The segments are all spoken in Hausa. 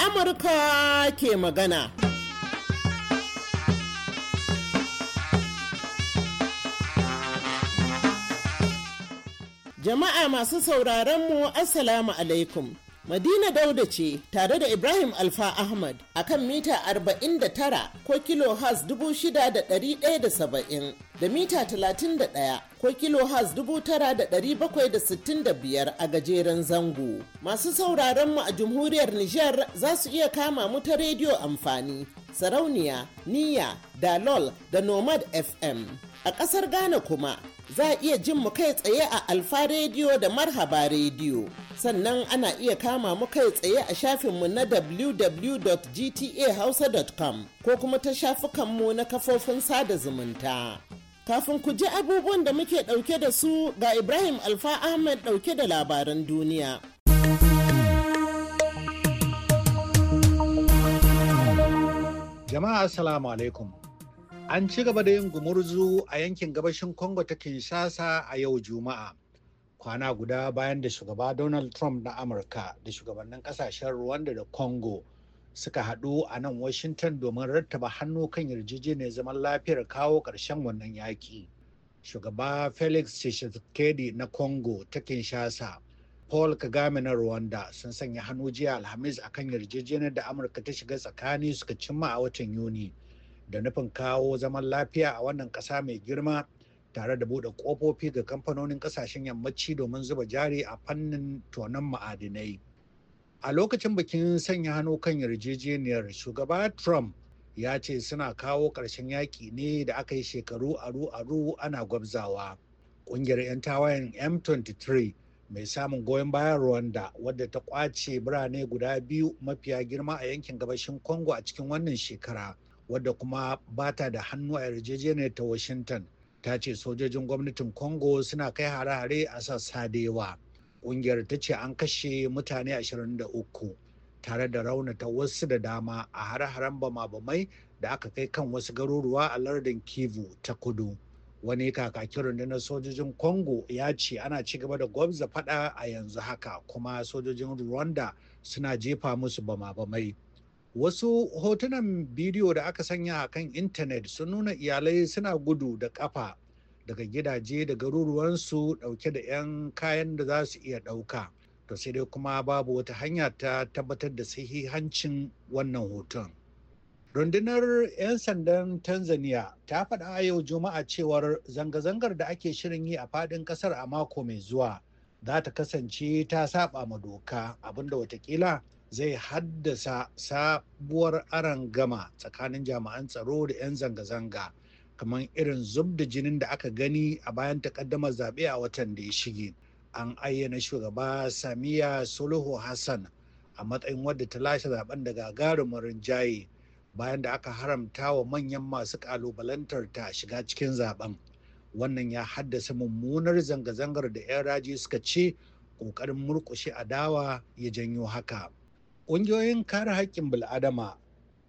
Amurka ke magana. Jama'a masu sauraron mu Assalamu alaikum. Madina Dauda ce tare da Ibrahim Alfa Ahmad a kan mita 49 ko kilo has 6,170 da mita 31 ko kilo has 9765 a gajeren zango. Masu sauraron mu a jamhuriyar Nijar za su iya kama mu ta rediyo amfani, sarauniya, niya, dalol da nomad FM. A ƙasar Ghana kuma za a iya jin mu kai tsaye a Alfa rediyo da Marhaba rediyo Sannan ana iya kama mu kai tsaye a shafinmu na www.gtahausa.com ko kuma ta shafukanmu na kafofin sada zumunta. Kafin ku ji abubuwan da muke ɗauke da su ga Ibrahim Alfa Ahmed ɗauke da labaran duniya. Jama'a Assalamu alaikum. An ci gaba da yin gumurzu a yankin gabashin Congo ta Kinshasa a yau Juma'a. Kwana guda bayan da shugaba Donald Trump na Amurka da shugabannin kasashen Rwanda da Congo suka haɗu a nan Washington domin rattaba hannu kan yarjejeniyar zaman lafiyar kawo ƙarshen wannan yaƙi. Shugaba Felix Tshisekedi na Congo ta Kinshasa, Paul Kagame na Rwanda sun sanya hannu jiya Alhamis a kan yarjejeniyar da Amurka ta shiga tsakani suka cimma a watan Yuni da nufin kawo zaman lafiya a wannan ƙasa mai girma tare da buɗe kofofi ga kamfanonin ƙasashen yammaci domin zuba jari a fannin tonon ma'adinai. a lokacin bikin sanya hannu kan yarjejeniyar shugaba trump ya ce suna kawo ƙarshen yaƙi ne da aka yi shekaru aru-aru ana gwabzawa ƙungiyar 'yan tawayen m23 mai samun goyon bayan rwanda wadda ta ƙwace birane guda biyu mafiya girma a yankin gabashin congo a cikin wannan shekara wadda kuma bata da hannu a yarjejeniyar ta washington ta ce sojojin gwamnatin congo suna kai hare-hare a sassa da yawa Ƙungiyar ta ce an kashe mutane 23 tare da raunata wasu da dama a har-haren bama-bamai da aka kai kan wasu garuruwa a lardin Kivu ta kudu. Wani kakakin rundunar sojojin Congo ya ce ana ci gaba da gwamza fada a yanzu haka kuma sojojin Rwanda suna jefa musu bamabamai Wasu hotunan bidiyo da aka sanya a kan intanet sun nuna iyalai suna gudu da kafa daga gidaje da garuruwansu ɗauke da 'yan kayan da za su iya ɗauka. To sai dai kuma babu wata hanya ta tabbatar da sahihancin wannan hoton. Rundunar 'yan sandan Tanzania ta faɗa a yau Juma'a cewar zanga-zangar da ake shirin yi a faɗin ƙasar a mako mai zuwa za ta kasance ta saba ma doka abinda watakila zai haddasa sabuwar aron gama tsakanin jami'an tsaro da 'yan zanga-zanga kamar irin zub da jinin da aka gani a bayan takaddamar zaɓe a watan da ya shige an ayyana shugaba samiya suluhu hassan a matsayin wadda ta lashe zaben da gagarumin rinjaye bayan da aka haramta wa manyan masu kalubalantar ta shiga cikin zaben wannan ya haddasa mummunar zanga-zangar da 'yan raji suka ce ƙoƙarin murƙushe dawa ya janyo haka ƙungiyoyin kare haƙƙin bil'adama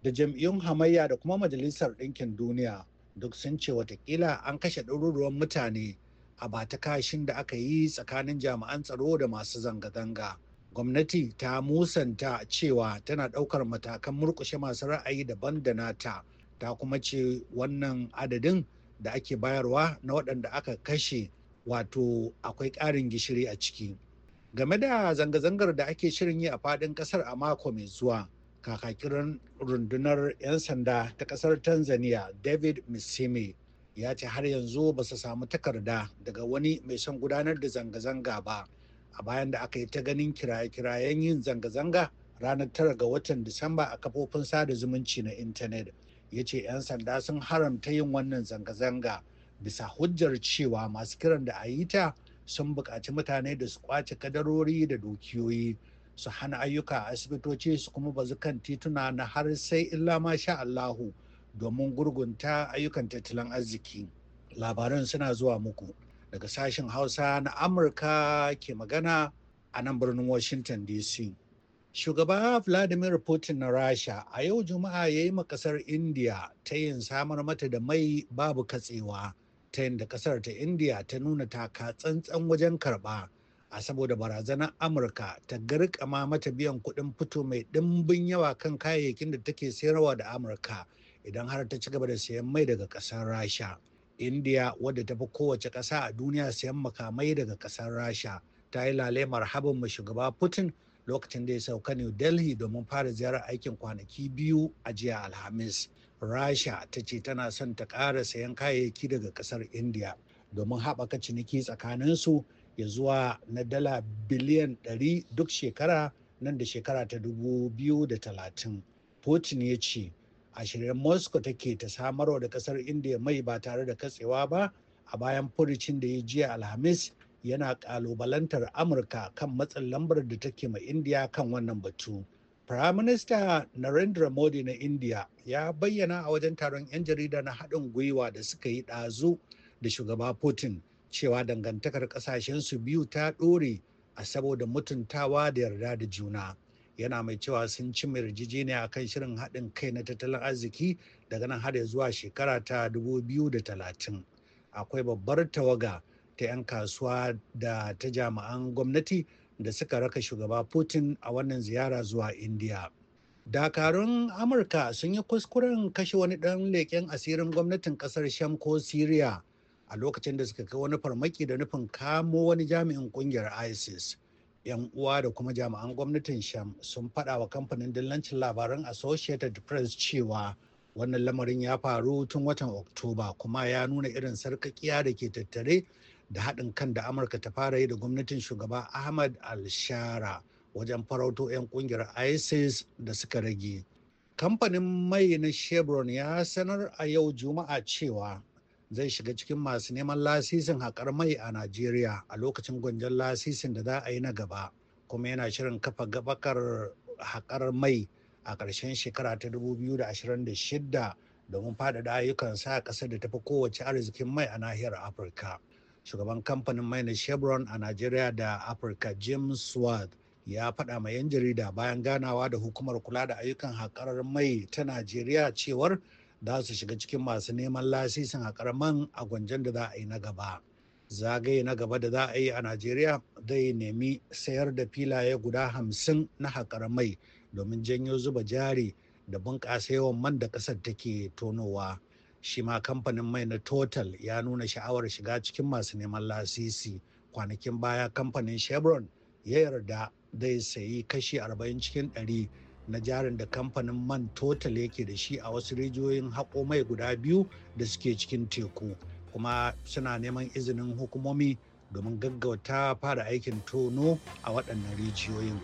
da jam'iyyun hamayya da kuma majalisar ɗinkin duniya duk sun ce watakila an kashe ɗaruruwan mutane a bata kashin da aka yi tsakanin jami'an tsaro da masu zanga-zanga gwamnati ta musanta cewa tana ɗaukar matakan murƙushe masu ra'ayi daban da nata ta kuma ce wannan adadin da ake bayarwa na waɗanda aka kashe wato akwai ƙarin gishiri a ciki game da zanga-zangar da ake shirin yi a faɗin ƙasar a mako mai zuwa kakakirin rundunar 'yan sanda ta kasar tanzania david musimi ya ce har yanzu ba su samu takarda daga wani mai son gudanar da zanga-zanga ba a bayan da aka yi ta ganin kiraye-kirayen yin zanga-zanga ranar tara ga watan disamba a kafofin sada zumunci na intanet ya ce 'yan sanda sun haramta yin wannan zanga-zanga bisa hujjar cewa masu kiran da a yi ta sun buƙaci mutane da su kwace kadarori da dukiyoyi su hana ayyuka a asibitoci su kuma bazu kan tituna na har sai illa ma sha Allahu domin gurgunta ayyukan tattalin arziki. Labaran suna zuwa muku daga sashen Hausa na Amurka ke magana a nan birnin Washington DC. Shugaba Vladimir Putin na Rasha a yau Juma'a ya yi ƙasar India ta yin samar mata da mai babu katsewa ta yin da kasar ta India ta nuna taka tsantsan wajen karɓa. a saboda barazanar amurka ta garkama mata biyan kuɗin fito mai ɗimbin yawa kan kayayyakin da take sayarwa da amurka idan har ta ci gaba da sayan mai daga ƙasar rasha india wadda ta fi kowace ƙasa a duniya sayan makamai daga ƙasar rasha ta yi lalemar habin mu shugaba putin lokacin da ya sauka new delhi domin fara ziyarar aikin kwanaki biyu a jiya alhamis rasha ta ce tana son ta ƙara sayan kayayyaki daga ƙasar india domin haɓaka ciniki tsakaninsu ya zuwa na dala biliyan 100 duk shekara nan da shekara ta 2030 putin ya ce a shirin moscow take ta samarwa da kasar india mai ba tare da katsewa ba a bayan furicin da ya jiya alhamis yana kalubalantar amurka kan matsin lambar da take ma india kan wannan batu prime minister narendra modi na india ya bayyana a wajen taron 'yan jarida na haɗin gwiwa da suka yi ɗazu da shugaba putin cewa dangantakar su biyu ta ɗore a saboda mutuntawa da yarda da juna yana mai cewa sun ci yarjejeniya kan shirin haɗin kai na tattalin arziki daga nan har zuwa shekara ta 2030 akwai babbar tawaga ta 'yan kasuwa da ta jami'an gwamnati da suka raka shugaba putin a wannan ziyara zuwa india dakarun amurka sun yi kuskuren kashe wani ɗan leƙen asirin gwamnatin ƙasar sham ko syria a lokacin da suka kai wani farmaki da nufin kamo wani jami'in kungiyar isis yan uwa da kuma jami'an gwamnatin sham sun faɗa wa kamfanin dillancin labaran associated press cewa wannan lamarin ya faru tun watan oktoba kuma ya nuna irin sarkakiya da ke tattare da haɗin kan da amurka ta fara yi da gwamnatin shugaba ahmad alshara wajen farauto 'yan kungiyar isis da suka rage kamfanin mai na chevron ya sanar a yau juma'a cewa zai shiga cikin masu neman lasisin haƙar mai a Najeriya a lokacin gwanjon lasisin da za a yi na gaba kuma yana shirin kafa gabakar haƙar mai a ƙarshen shekara ta 2026 domin faɗaɗa ayyukan sa ƙasar da tafi kowace arzikin mai a nahiyar Afirka. Shugaban kamfanin mai na Chevron a Najeriya da Afirka James Swart ya faɗa ma 'yan jarida bayan ganawa da hukumar kula da ayyukan haƙar mai ta Najeriya cewar za su shiga cikin masu neman lasisin a karaman a gwanjan da za a yi na gaba zagaye na gaba da za a yi a najeriya zai nemi sayar da filaye guda hamsin na haƙar mai domin janyo zuba jari da bunƙasa yawan man da ƙasar take tonowa shi ma kamfanin mai na total ya nuna sha'awar shiga cikin masu neman lasisi kwanakin baya kamfanin chevron ya yarda zai sayi kashi 40 cikin 100 na jarin da kamfanin man total yake da shi a wasu rijiyoyin haƙo mai guda biyu da suke cikin teku kuma suna neman izinin hukumomi domin gaggauta fara aikin tono a waɗannan rijiyoyin.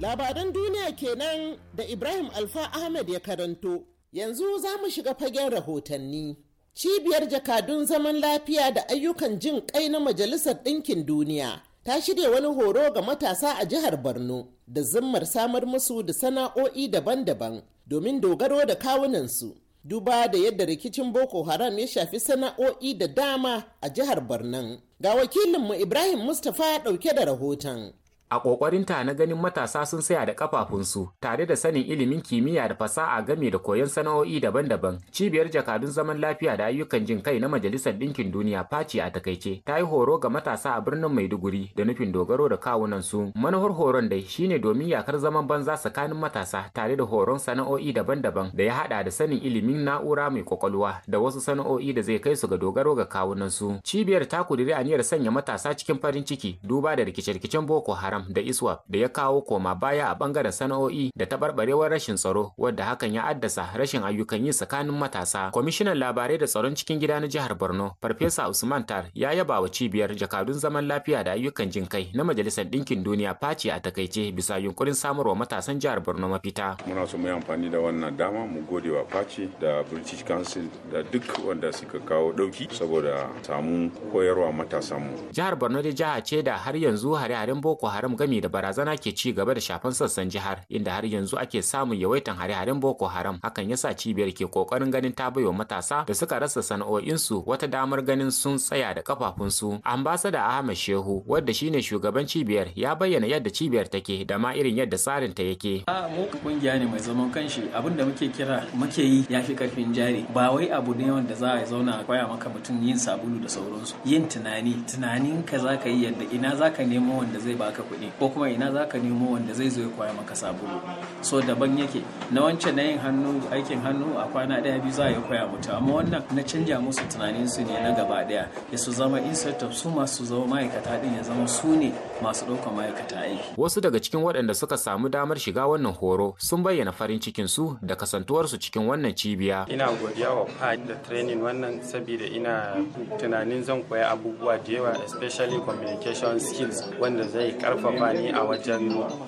Labaran duniya kenan da Ibrahim Alfa Ahmed ya karanto, yanzu za mu shiga fagen rahotanni. Cibiyar jakadun zaman lafiya da ayyukan jin kai na Majalisar Ɗinkin Duniya ta shirya wani horo ga matasa a jihar Borno da zimmar samar musu da sana'o'i daban-daban domin dogaro da kawunansu. Duba da yadda rikicin Boko Haram ya shafi sana'o'i da dama a jihar Borno. Ga wakilinmu Ibrahim Mustapha ɗauke da rahoton. a ƙoƙarinta na ganin matasa sun saya da ƙafafunsu tare da sanin ilimin kimiyya da fasaha game da koyon sana'o'i daban-daban cibiyar jakadun zaman lafiya da ayyukan jin kai na majalisar ɗinkin duniya faci a takaice ta yi horo ga matasa a birnin maiduguri da nufin dogaro da kawunansu. su manufar horon dai shine domin yakar zaman banza tsakanin matasa tare da horon sana'o'i daban-daban da ya haɗa da sanin ilimin na'ura mai ƙwaƙwalwa da wasu sana'o'i da zai kai su ga dogaro ga kawunansu. cibiyar ta kudiri aniyar sanya matasa cikin farin ciki duba da rikice-rikicen boko haram Islam da ISWAP da ya kawo koma baya a bangaren sana'o'i da taɓarɓarewar rashin tsaro wadda hakan ya addasa rashin ayyukan yi tsakanin matasa. Kwamishinan labarai da tsaron cikin gida na jihar Borno, Farfesa Usman Tar ya yaba wa cibiyar jakadun zaman lafiya da ayyukan jin kai na Majalisar Ɗinkin Duniya Faci a takaice bisa yunkurin samarwa matasan jihar Borno mafita. Muna so mu yi amfani da wannan dama mu gode wa Faci da British Council da duk wanda suka kawo ɗauki saboda samu koyarwa matasanmu. Jihar Borno da jiha ce da har yanzu hare-haren Boko Haram gami da barazana ke ci gaba da shafan sassan jihar inda har yanzu ake samun yawaitan hare-haren Boko Haram hakan yasa cibiyar ke kokarin ganin ta baiwa matasa da suka rasa sana'o'insu wata damar ganin sun tsaya da kafafunsu. Ambasada Ahmad Shehu wadda shine shugaban cibiyar ya bayyana yadda cibiyar take da ma irin yadda tsarin ta yake. A mu kungiya ne mai zaman kanshi abin da muke kira muke yi ya fi karfin jari ba wai abu ne wanda za a zauna a koya maka mutum yin sabulu da sauransu yin tunani tunanin ka zaka yi yadda ina zaka nemo wanda zai baka kuɗi ko kuma ina za ka nemo wanda zai zo ya koya maka sabulu so daban yake na wancan na yin hannu aikin hannu a kwana ɗaya biyu za a yi koya mutu amma wannan na canja musu tunanin su ne na gaba ɗaya ya su zama insertive su masu zama ma'aikata ɗin ya zama su ne masu ɗaukar ma'aikata aiki. wasu daga cikin waɗanda suka samu damar shiga wannan horo sun bayyana farin cikin su da kasantuwar su cikin wannan cibiya. ina godiya wa pad da training wannan saboda ina tunanin zan koya abubuwa da yawa especially communication skills wanda zai karfa karfafa ni a wajen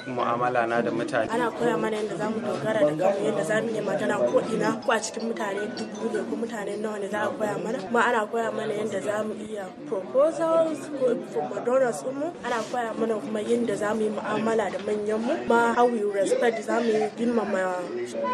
mu'amala na da mutane ana koya mana yadda za mu dogara da gamu yadda za mu yi magana ko ina ko a cikin mutane dubu ne ko mutane nawa ne za a koya mana kuma ana koya mana yadda za mu iya proposals ko donors mu ana koya mana kuma yadda za mu yi mu'amala da manyan mu ma how we respect mu yi girmama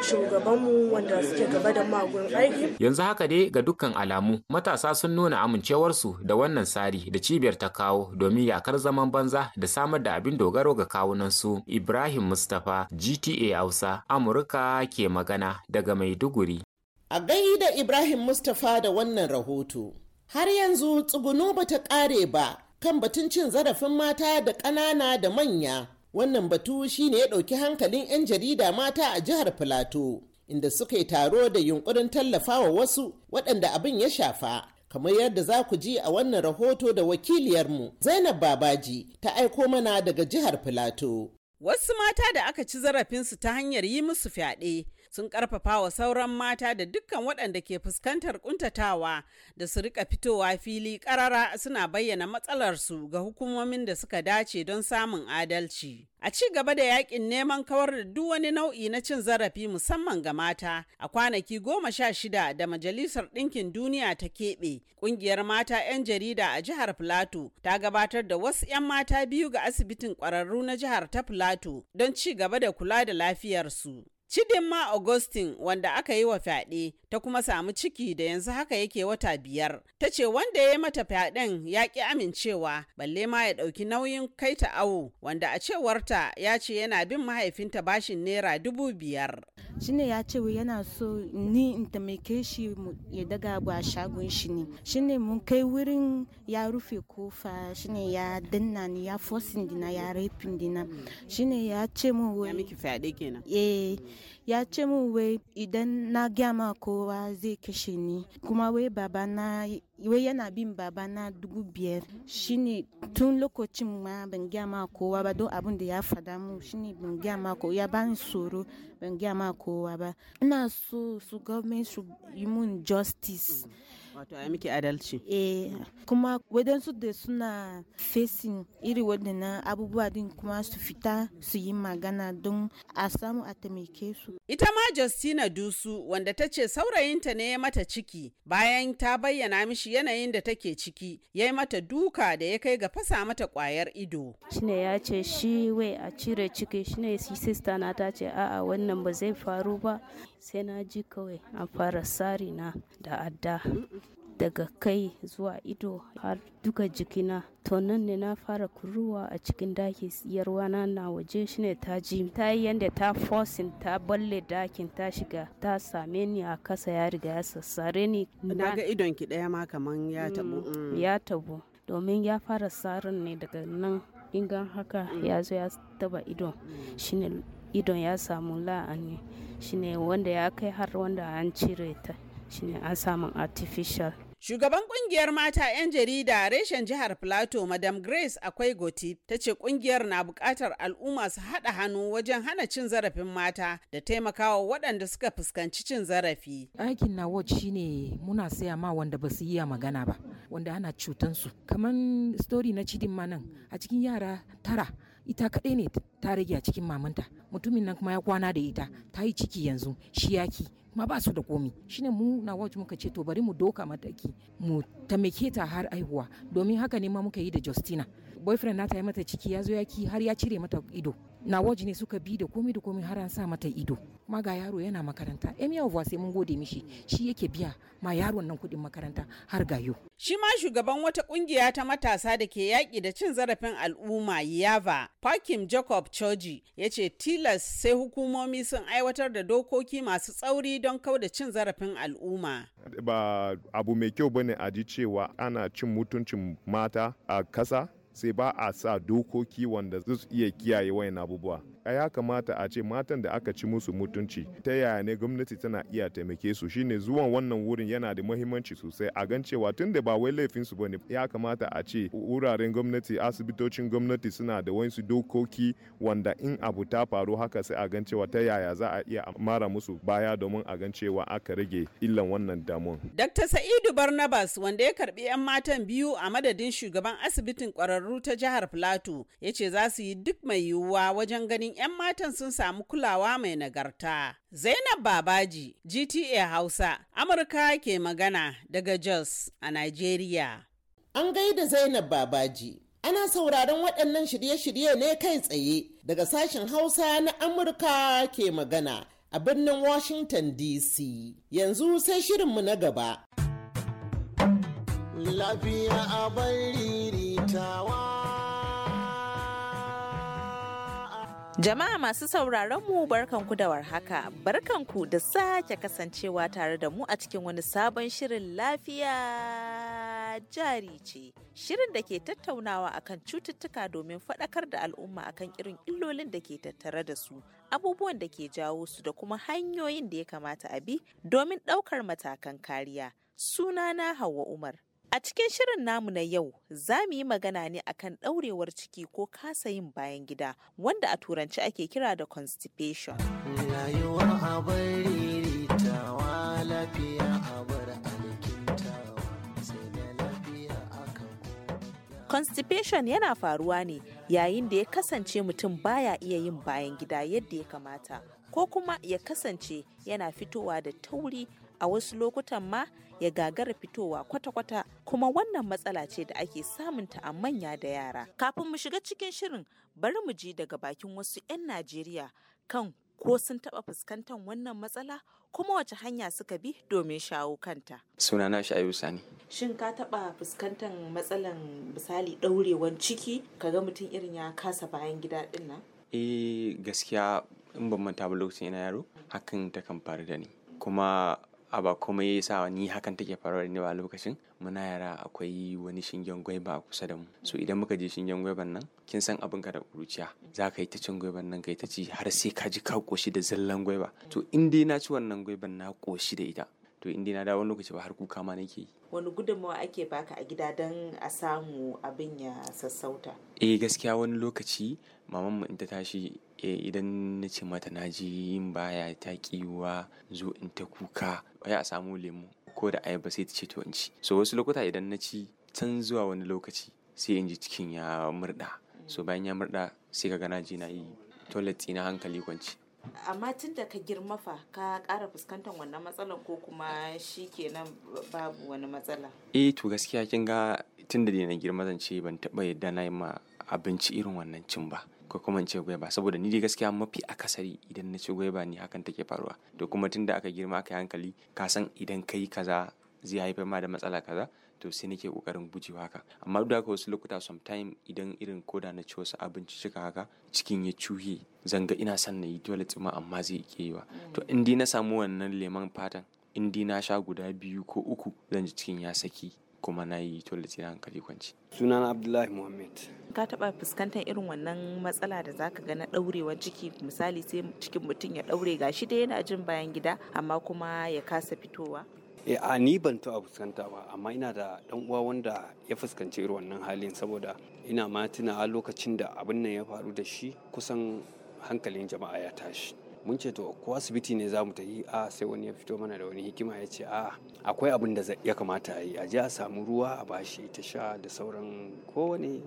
shugabanmu wanda suke gaba da magun aiki yanzu haka dai ga dukkan alamu matasa sun nuna amincewarsu da wannan tsari da cibiyar ta kawo domin yakar zaman banza da samar da da abin dogaro ga kawunansu Ibrahim Mustapha GTA Hausa Amurka ke magana daga Maiduguri. A gaida Ibrahim Mustapha da wannan rahoto. Har yanzu tsugunu ta ƙare ba kan batun cin zarafin mata da ƙanana da manya. Wannan batu ne ya ɗauki hankalin 'yan jarida mata a jihar Filato. inda suka yi taro da yunkurin tallafawa wasu waɗanda abin ya shafa kamar yadda za ku ji a wannan rahoto da wakiliyarmu zainab babaji ta aiko mana daga jihar filato wasu mata da aka ci zarafinsu ta hanyar yi musu fyaɗe sun karfafa wa sauran mata da dukkan waɗanda ke fuskantar kuntatawa da su rika fitowa fili ƙarara suna bayyana matsalarsu ga hukumomin da suka dace don samun adalci. A ci gaba da yakin neman kawar da duk wani nau'i na cin zarafi musamman ga mata a kwanaki goma sha shida da Majalisar Ɗinkin Duniya ta keɓe, ƙungiyar mata 'yan jarida a jihar Filato ta gabatar da wasu 'yan mata biyu ga asibitin ƙwararru na jihar ta Filato don ci gaba da kula da lafiyarsu. Chidinma Augustine wanda aka yi wa fyaɗe ta kuma samu ciki da yanzu haka yake wata biyar. Ta ce wanda ya yi mata fyaɗen ya ƙi amincewa balle ma ya ɗauki nauyin kai ta awo wanda a cewarta ya ce yana bin mahaifinta bashin naira dubu biyar. Shine ya ce yana so ni in taimake shi ya daga abu a shagon shi ne. Shine mun kai wurin ya rufe kofa shine ya danna ni ya forcing dina ya raping dina. Shine ya ce mun wai. Ya eh, ce mu wai idan na gyama ko kowa zai kashe ni kuma wai babana wai yana bin babana dubu biyar shine tun lokacin ma ban gaya ma kowa ba don abin da ya fada mu shine ban gaya ma kowa ya bani tsoro ban gaya ma kowa ba ina so su government su yi mun justice wato miki adalci eh kuma wadansu da suna facing iri wadannan abubuwa din kuma su fita su yi magana don a samu a taimake su Ita ma Justina Dusu wanda ta ce saurayinta ne ya mata ciki bayan ta bayyana mishi yanayin da take ciki ya yi mata duka da ya kai ga fasa mata kwayar ido. Shine ya ce shi wai a cire ciki shine si sista na ta ce a'a wannan ba zai faru ba sai na ji kawai an fara sari na da adda. daga kai zuwa ido har duka jikina to nan ne na fara kuruwa a cikin daki yarwana na waje shine ta ji ta yi yadda ta fosin ta balle dakin ta shiga ta same ni a kasa ya riga ya sassare ni na ga idon ki daya ma kaman ya mm, tabu mm. ya tabu domin ya fara sarin ne daga nan ingan haka mm. ya zo ya taba idon shine idon ya samu la'ani shine wanda ya kai har wanda an cire ta shine an samu artificial Shugaban kungiyar mata 'yan jarida reshen jihar Plateau Madam Grace akwai goti ta ce kungiyar na bukatar al'umma su haɗa hannu wajen hana cin zarafin mata da taimakawa waɗanda suka fuskanci cin zarafi. Aikin na watch shine muna saya ma wanda ba su iya magana ba, wanda ana su Kaman story na cidin ma a cikin yara tara ita kaɗai ne ta rage a cikin mamanta mutumin nan kuma ya kwana da ita ta yi ciki yanzu shi yaki kuma ba su da komi shine mu na wajen muka ce to bari mu doka mataki mu tamake ta har aihuwa domin haka ne ma muka yi da Justina boyfriend nata ya mata ciki ya zo ya ki har ya cire mata ido na waje ne suka bi da komai da komai har an sa mata ido kuma ga yaro yana makaranta emir eh, vuwa sai mun gode mishi shi yake biya ma yaron nan kudin makaranta har ga yau shi ma shugaban wata kungiya ta matasa da ke yaƙi da cin zarafin al'umma yava pakim jacob choji ya ce tilas sai hukumomi sun aiwatar da dokoki masu tsauri don kauda cin zarafin al'umma ba abu mai kyau bane a ji cewa ana cin mutuncin mata a kasa sai ba a sa dokoki wanda zai iya kiyaye wayan abubuwa ya kamata a ce matan da aka ci musu mutunci ta yaya ne gwamnati tana iya taimake su shine zuwan wannan wurin yana da muhimmanci sosai a gan cewa tun da ba wai laifin su bane ya kamata a ce wuraren gwamnati asibitocin gwamnati suna da wasu dokoki wanda in abu ta faru haka sai a gan cewa ta yaya za a iya mara musu baya domin a gan cewa aka rage illan wannan damuwa. Dr. Sa'idu Barnabas wanda ya karbi 'yan matan biyu a madadin shugaban asibitin kwararru ta jihar Plateau ya ce za su yi duk mai yiwuwa wajen ganin domin 'yan matan sun samu kulawa mai nagarta. Zainab Babaji, GTA Hausa, Amurka ke magana daga Jos a Nigeria. An gaida Zainab Babaji. Ana sauraron waɗannan shirye-shirye ne kai tsaye daga sashen Hausa na Amurka ke magana a birnin Washington DC. Yanzu sai shirinmu na gaba. Lafiya a ritawa. Jama'a masu sauraron mu barkanku da warhaka, barkanku da sake kasancewa tare da mu a cikin wani sabon shirin lafiya jari ce. Shirin da ke tattaunawa akan cututtuka domin faɗakar da al'umma akan irin illolin da ke tattare da su, abubuwan da ke jawo su da kuma hanyoyin da ya kamata a bi domin ɗaukar matakan kariya. Sunana Hauwa Umar. A cikin shirin namu na yau za mu yi magana ne akan ɗaurewar ciki ko kasa yin bayan gida wanda a turanci ake kira da constipation. Constipation yana faruwa ne yayin da ya kasance mutum baya iya yin bayan gida yadda ya kamata ko kuma ya kasance yana fitowa da tauri a wasu lokutan ma ya gagara fitowa kwata-kwata kuma wannan matsala ce da ake samunta a manya da yara. Kafin mu shiga cikin shirin bari mu ji daga bakin wasu 'yan Najeriya kan ko sun taɓa fuskantar wannan matsala kuma wace hanya suka bi domin shawo kanta. Suna shi ayu Sani. Shin ka taɓa fuskantar matsalan misali ɗaurewan ciki ka ga mutum irin ya kasa bayan gida ɗin nan? Eh gaskiya in ban manta ba lokacin ina yaro hakan ta kan faru da ni. Kuma A'a ba kuma ya sa ni hakan take faruwa ne ba lokacin muna yara akwai wani shingen gwaiba a kusa da mu so idan muka je shingen gwaiban nan kin san abin ka da kuruciya za ka yi ta cin gwaiban nan ka yi ta ci har sai ka ji ka koshi da zallan gwaiba to in dai na ci wannan gwaiban na koshi da ita to in dai na dawo wani lokaci ba har kuka ma nake yi wani gudunmawa ake baka a gida don a samu abin ya sassauta eh gaskiya wani lokaci mamanmu in ta tashi eh, idan na ce mata na ji yin baya ta kiwa zo in ta kuka waya a samu lemu ko da ayaba sai ta ce to in ci so wasu lokuta idan na ci can zuwa wani lokaci sai in ji cikin ya murda so bayan ya murda sai ka gana ji na yi toilet na hankali kwanci amma tun da ka girma fa ka ƙara fuskantar wannan matsalar ko kuma shi kenan babu wani matsala eh to gaskiya kin ga tun da na girma zan ce ban taɓa yadda na yi ma abinci irin wannan cin ba ko kuma in ce gwaiba saboda ni dai gaskiya mafi akasari idan na ci gwaiba ni hakan take faruwa to kuma tun da aka girma aka yi hankali ka san idan kai kaza zai haifar ma da matsala kaza to sai nake kokarin guje haka amma duk da haka wasu lokuta sometime idan irin koda na ci wasu abinci cika haka cikin ya cuhe zanga ina son na yi toilet ma amma zai iya yiwa mm. to in na samu wannan lemon fatan in na sha guda biyu ko uku zan ji cikin ya saki kuma na yi toilet na hankali kwanci. Sunana Abdullahi Muhammad. Ka taɓa fuskantar irin wannan matsala da zaka ga na daurewar ciki misali sai cikin mutum ya ɗaure gashi da yana jin bayan gida amma kuma ya kasa fitowa. e a ni ban taɓa fuskanta ba amma ina da dan uwa wanda ya fuskanci irin wannan halin saboda ina ma tuna lokacin da abin nan ya faru da shi kusan hankalin jama'a ya tashi mun ce to ko asibiti ne za mu ta a sai wani ya fito mana da wani hikima ya ce a akwai abin da ya kamata a yi a je a samu ruwa a bashi ta sha da sauran kowane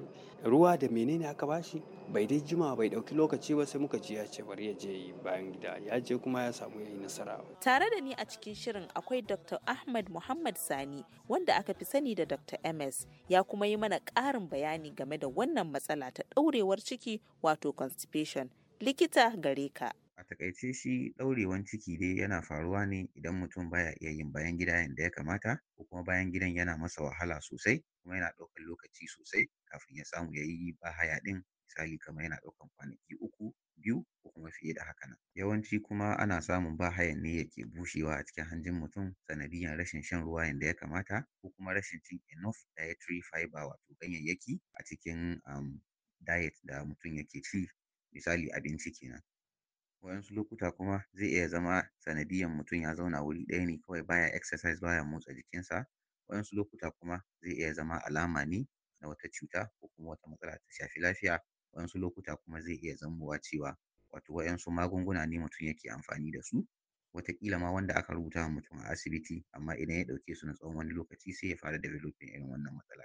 ruwa da menene aka bashi bai dai jima bai dauki lokaci ba sai muka ji ya ce bari ya je bayan gida ya je kuma ya samu ya nasara tare da ni a cikin shirin akwai dr ahmad muhammad sani wanda aka fi sani da dr ms ya kuma yi mana ƙarin bayani game da wannan matsala ta ɗaurewar ciki wato constipation likita gare ka A taƙaice shi ɗaurewan ciki dai yana faruwa ne idan mutum baya iya yin bayan gida yanda ya kamata ko kuma bayan gidan yana masa wahala sosai kuma yana ɗaukan lokaci sosai kafin ya samu yayi bahaya ɗin misali kamar yana ɗaukan kwanaki uku, biyu ko kuma fiye da haka nan. Yawanci kuma ana samun bahayan ne yake bushewa a cikin hanjin mutum sanadiyan rashin shan ruwa yanda ya kamata ko kuma rashin cin enough dietary fiber wato ganyayyaki a cikin um diet da mutum yake ci misali abinci kenan. Wa'yansu lokuta kuma zai iya zama sanadiyan mutum ya zauna wuri ɗaya ne kawai baya ya exercise ba ya motsa jikinsa, waƴansu lokuta kuma zai iya zama alama ne na wata cuta ko kuma wata matsala ta shafi lafiya, wayansu lokuta kuma zai iya zamowa cewa wato wa'yansu magunguna ne mutum yake amfani da su wataƙila ma wanda aka rubuta wa mutum a asibiti amma idan ya ɗauke su na tsawon wani lokaci sai ya fara developing irin wannan matsala.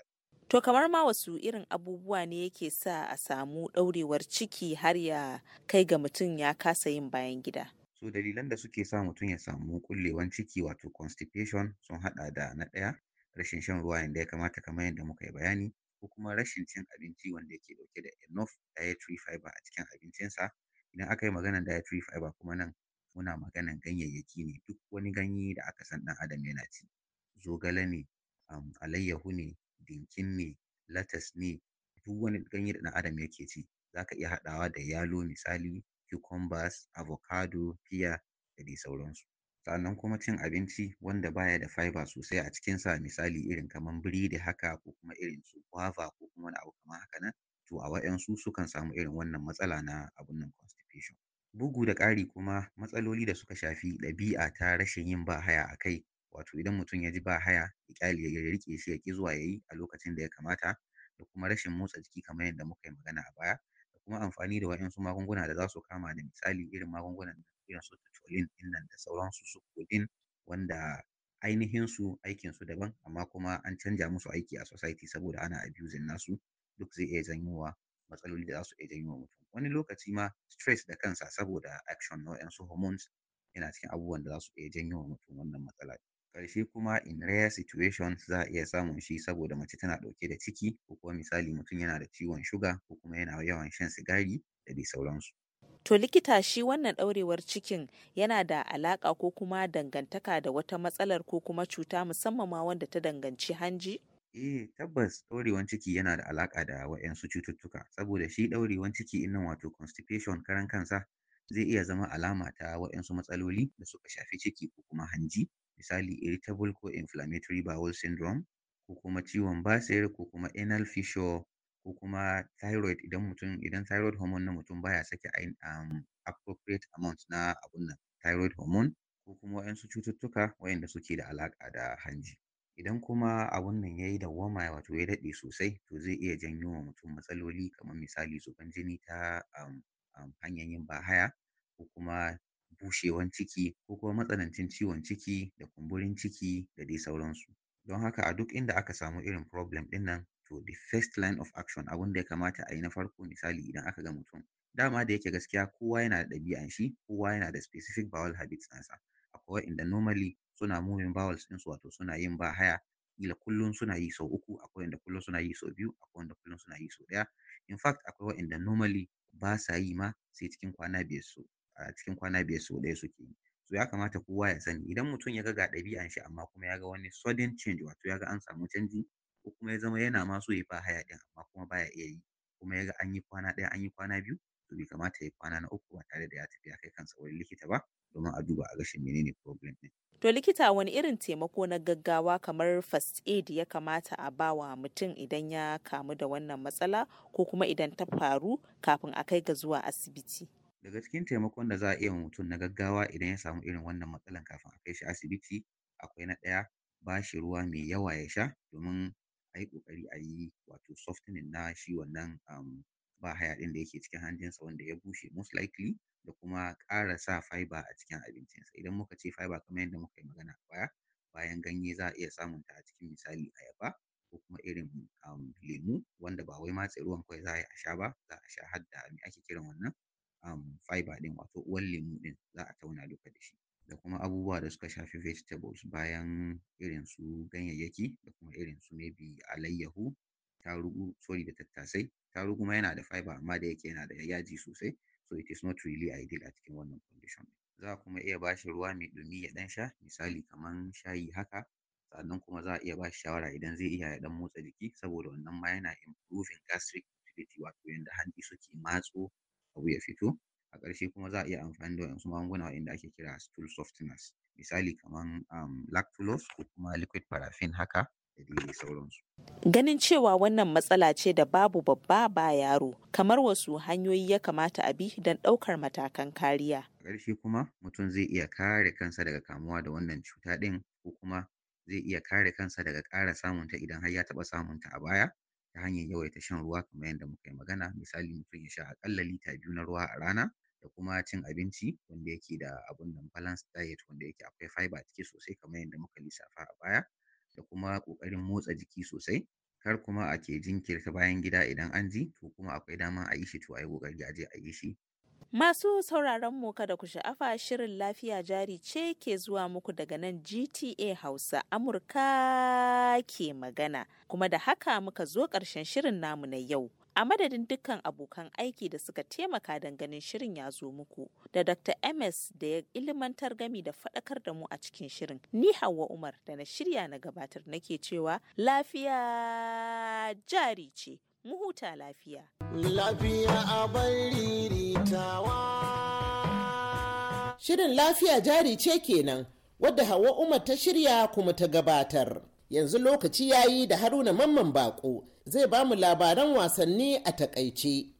To kamar ma wasu irin abubuwa ne yake sa a samu ɗaurewar ciki har ya kai ga mutum ya kasa yin bayan gida. So dalilan da suke sa mutum ya samu kullewan ciki wato constipation sun haɗa da na ɗaya rashin shan ruwa yadda ya kamata kamar yadda muka yi bayani ko kuma rashin cin abinci wanda yake dauke da enough dietary fiber a cikin abincinsa idan aka yi maganar dietary fiber kuma nan muna magana'n ganyayyaki ne duk wani ganye da aka san ɗan adam yana ci zogale ne alayyahu ne dinkin ne latas ne duk wani ganye da ɗan adam yake ci za ka iya haɗawa da yalo misali cucumbers avocado pear da dai sauransu Sannan kuma cin abinci wanda baya da fiber sosai a cikinsa misali irin kaman biredi haka ko kuma irin su guava ko kuma wani abu kaman haka nan to a waɗansu sukan samu irin wannan matsala na abun nan constipation bugu da ƙari kuma matsaloli da suka shafi ɗabi'a ta rashin yin bahaya a kai wato idan mutum ya ji ba haya ya ƙyale ya riƙe shi ya ƙi zuwa ya yi a lokacin da ya kamata da kuma rashin motsa jiki kamar yadda muka yi magana a baya da kuma amfani da waɗansu magunguna da za su kama da misali irin magungunan irin su tutolin ɗin nan da sauransu su codeine wanda ainihin su aikin su daban amma kuma an canja musu aiki a society saboda ana abusing nasu duk zai iya janyo wa matsaloli da za su iya janyo wa mutum wani lokaci ma stress da kansa saboda action na waɗansu hormones yana cikin abubuwan da za su iya janyo wa mutum wannan matsala ƙarshe kuma in rare situations za a iya samun shi saboda mace tana ɗauke da ciki ko kuma misali mutum yana da ciwon shuga ko kuma yana yawan shan sigari da dai sauransu. To likita shi wannan ɗaurewar cikin yana da alaƙa ko kuma dangantaka da wata matsalar ko kuma cuta musamman ma wanda ta danganci hanji? Eh tabbas ɗaurewan ciki yana da alaƙa da waɗansu cututtuka saboda shi ɗaurewan ciki nan wato constipation karan kansa zai iya zama alama ta waɗansu matsaloli da suka shafi ciki ko kuma hanji misali irritable ko inflammatory bowel syndrome ko kuma ciwon basir ko kuma anal fissure ko kuma thyroid idan mutum idan thyroid hormone na mutum baya sake um, appropriate amount na abun nan thyroid hormone ko kuma waɗansu cututtuka waɗanda suke da alaƙa da hanji idan kuma abun nan yayi dawwama wato ya daɗe sosai to zai iya janyo wa mutum matsaloli kamar misali zuban jini ta um, um, hanyar yin bahaya ko kuma bushewan ciki ko kuma matsanancin ciwon ciki da kumburin ciki da dai sauransu don haka a duk inda aka samu irin problem ɗin nan to the first line of action abin da ya kamata a yi na farko misali idan aka ga mutum dama da yake gaskiya kowa yana da ɗabi'an shi kowa yana da specific bowel habits ɗinsa akwai waɗanda normally suna moving bowels su wato suna yin bahaya. haya kila kullum suna yi sau uku akwai waɗanda kullum suna yi sau biyu akwai waɗanda kullum suna yi sau ɗaya in fact akwai waɗanda normally ba sa yi ma sai cikin kwana biyar su a cikin kwana biyar sau ɗaya suke yi so ya kamata kowa ya sani idan mutum ya ga ga ɗabi'an shi amma kuma ya ga wani sudden change wato ya ga an samu canji ko kuma ya zama yana ma so ya fa haya ɗin amma kuma baya iya yi kuma ya ga an yi kwana ɗaya an yi kwana biyu to bai kamata ya yi kwana na uku ba tare da ya tafi ya kai kansa wurin likita ba domin a duba a ga shin menene problem ɗin. To likita wani irin taimako na gaggawa kamar first aid ya kamata a bawa mutum idan ya kamu da wannan matsala ko kuma idan ta faru kafin a kai ga zuwa asibiti? Daga cikin taimakon da za a iya ma mutum na gaggawa idan ya samu irin wannan matsalan kafin a kai shi asibiti akwai na ɗaya ba shi ruwa mai yawa ya sha domin a yi ƙoƙari a yi wato softening na shi wannan um, bahaya ɗin da yake cikin hanjinsa wanda ya bushe most likely da kuma ƙara sa fiber a cikin abincinsa. Idan muka ce fiber kamar yadda muka yi magana a baya bayan ganye za a iya samun ta a cikin misali ayaba ko kuma irin um, lemu wanda ba wai matse ruwan kawai za a yi a sha ba za a sha har da me ake kiran wannan um, fiber ɗin wato uwan lemu ɗin za a tauna duka da shi da kuma abubuwa da suka shafi vegetables bayan irin su ganyayyaki da kuma irin su maybe alayyahu tarugu sorry da tattasai tarugu ma yana da fiber amma da yake yana da yaji sosai so it is not really ideal a cikin wannan condition za a kuma iya ba shi ruwa mai ɗumi ya ɗan sha misali kaman shayi haka sannan kuma za a iya ba shi shawara idan zai iya ya ɗan motsa jiki saboda wannan ma yana improving gastric acidity wato yanda hanji suke matso abu ya fito a ƙarshe kuma za a iya amfani da wasu magunguna wanda ake kira stool softeners misali kaman um, lactulose ko kuma liquid paraffin haka da sauransu. Ganin cewa wannan matsala ce da babu babba ba yaro, kamar wasu hanyoyi ya kamata a bi don ɗaukar matakan kariya. a Ƙarshe kuma mutum zai iya kare kansa daga kamuwa da wannan cuta ɗin ko kuma zai iya kare kansa daga ƙara samunta idan har ya taɓa samunta a baya ta hanyar yawaita shan ruwa kamar yadda muka yi magana misali mutum ya sha aƙalla lita biyu na ruwa a rana da kuma cin abinci wanda yake da abun nan balance diet wanda yake akwai fiber a ciki sosai kamar yadda muka lissafa a baya da kuma ƙoƙarin motsa jiki sosai kar kuma a ke jinkirta bayan gida idan an ji to kuma akwai dama a yi shi to a yi ƙoƙari a je a yi shi Masu sauraron mu kada ku sha'afa shirin lafiya jari ce ke zuwa muku daga nan GTA Hausa Amurka ke magana kuma da haka muka zo ƙarshen shirin namu na yau. A madadin dukkan abokan aiki da suka taimaka don ganin shirin ya zo muku da Dr. MS da ya ilimantar gami da faɗakar da mu a cikin shirin. Ni Hauwa Umar da na shirya na gabatar nake cewa lafiya jari ce. mu huta lafiya. Lafiya a riritawa. Shirin lafiya jari ce kenan wadda Hawa Umar ta shirya kuma ta gabatar. Yanzu lokaci yayi da Haruna Mamman baƙo, zai ba mu labaran wasanni a takaice.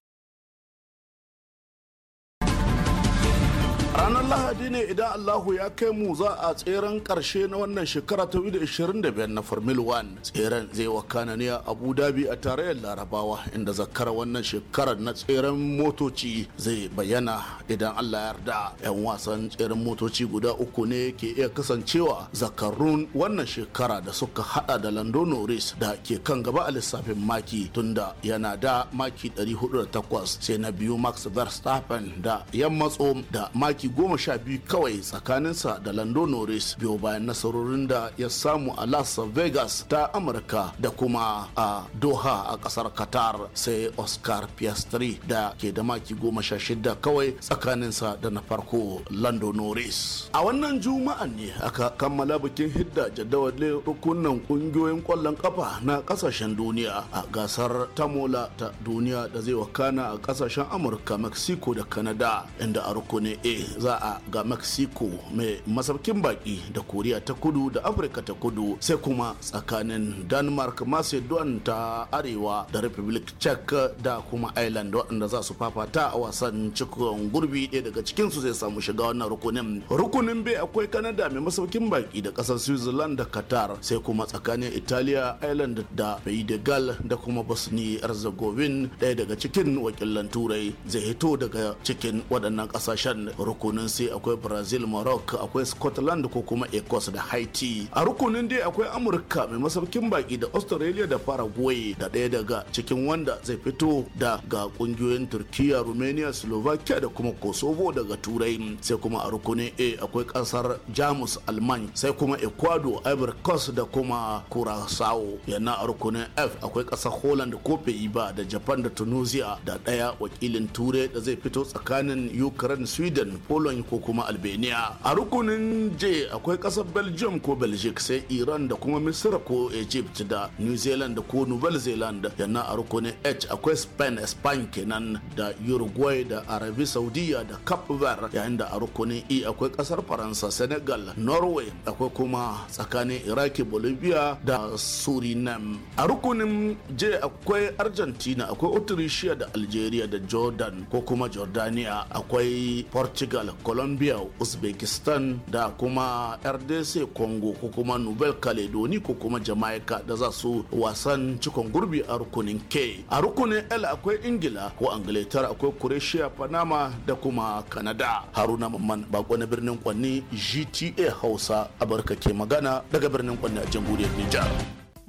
lahadi ne idan allahu ya kai mu za a tseren karshe na wannan shekara ta 2025 na formula 1 tseren zai wakana ne a abu dhabi a tarayyar larabawa inda zakara wannan shekarar na tseren motoci zai bayyana idan allah ya yarda yan wasan tseren motoci guda uku ne ke iya kasancewa zakarun wannan shekara da suka hada da lando norris da ke kan gaba a lissafin maki tunda yana da maki 408 sai na biyu max verstappen da yan matso da maki goma 15 biyu kawai tsakaninsa da lando norris biyo bayan nasarorin da ya samu a las vegas ta amurka da kuma a doha a kasar qatar sai oscar piastri da ke da maki goma sha shida kawai tsakaninsa da na farko lando norris a wannan juma'a ne aka kammala bikin hidda jadawalin rukunan kungiyoyin kwallon kafa na kasashen duniya a gasar tamola ta duniya da zai wakana a kasashen amurka mexico da canada inda a rukuni a za a ga mexico mai masaukin baki da koriya ta kudu da afirka ta kudu sai kuma tsakanin denmark macedon ta arewa da republic czech da kuma ireland waɗanda za su fafata a wasan cikin gurbi ɗaya daga su zai samu shiga wannan rukunin rukunin bai akwai kanada mai masaukin baki da ƙasar switzerland da qatar sai kuma tsakanin italiya ireland da Senegal da kuma Bosni Herzegovin ɗaya daga cikin wakilan Turai zai hito daga cikin waɗannan kasashen rukunin sai akwai brazil morocco akwai scotland ko kuma ecos da haiti a rukunin dai akwai amurka mai masaukin baki da australia da paraguay da ɗaya daga cikin wanda zai fito da ga kungiyoyin turkiya romania slovakia da kuma kosovo daga turai sai kuma a rukunin a akwai kasar jamus alman sai kuma ecuador ivory coast da kuma curacao yana a rukunin f akwai kasar holland ko ba da japan da tunisia da ɗaya wakilin turai da zai fito tsakanin ukraine sweden poland ko kuma albania a rukunin je akwai kasar belgium ko belgique sai iran da kuma misira ko egypt da new zealand ko nouvelle zealand yana a rukunin h akwai spain spain kenan da uruguay da arabi saudiya da cape verde yayin da a rukunin e akwai kasar faransa senegal norway akwai kuma tsakanin iraki bolivia da suriname a rukunin je akwai argentina akwai autricia da algeria da jordan ko kuma jordania akwai portugal colombia colombia uzbekistan da kuma rdc congo ko kuma nouvelle caledoni ko kuma jamaica da za su wasan cikon gurbi a rukunin k a rukunin l akwai ingila ko angletar akwai croatia panama da kuma canada haruna mamman bako na birnin kwanni gta hausa a barkake magana daga birnin kwanni a jamhuriyar nijar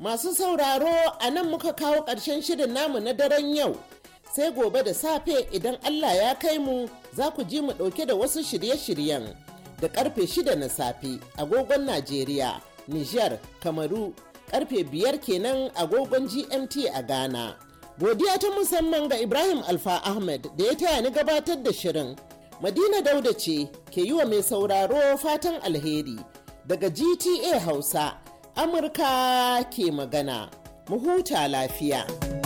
masu sauraro a nan muka kawo ƙarshen shirin namu na daren yau sai gobe da safe idan allah ya kai mu za ku ji mu ɗauke da wasu shirye-shiryen da karfe 6 na safe agogon Najeriya, Nijar, Kamaru, karfe 5 kenan agogon GMT a Ghana. Godiya ta musamman ga Ibrahim Alfa Ahmed da ya taya ni gabatar da shirin. Madina Dauda ce ke yi wa mai sauraro fatan alheri daga GTA Hausa, Amurka ke magana. Mu huta lafiya.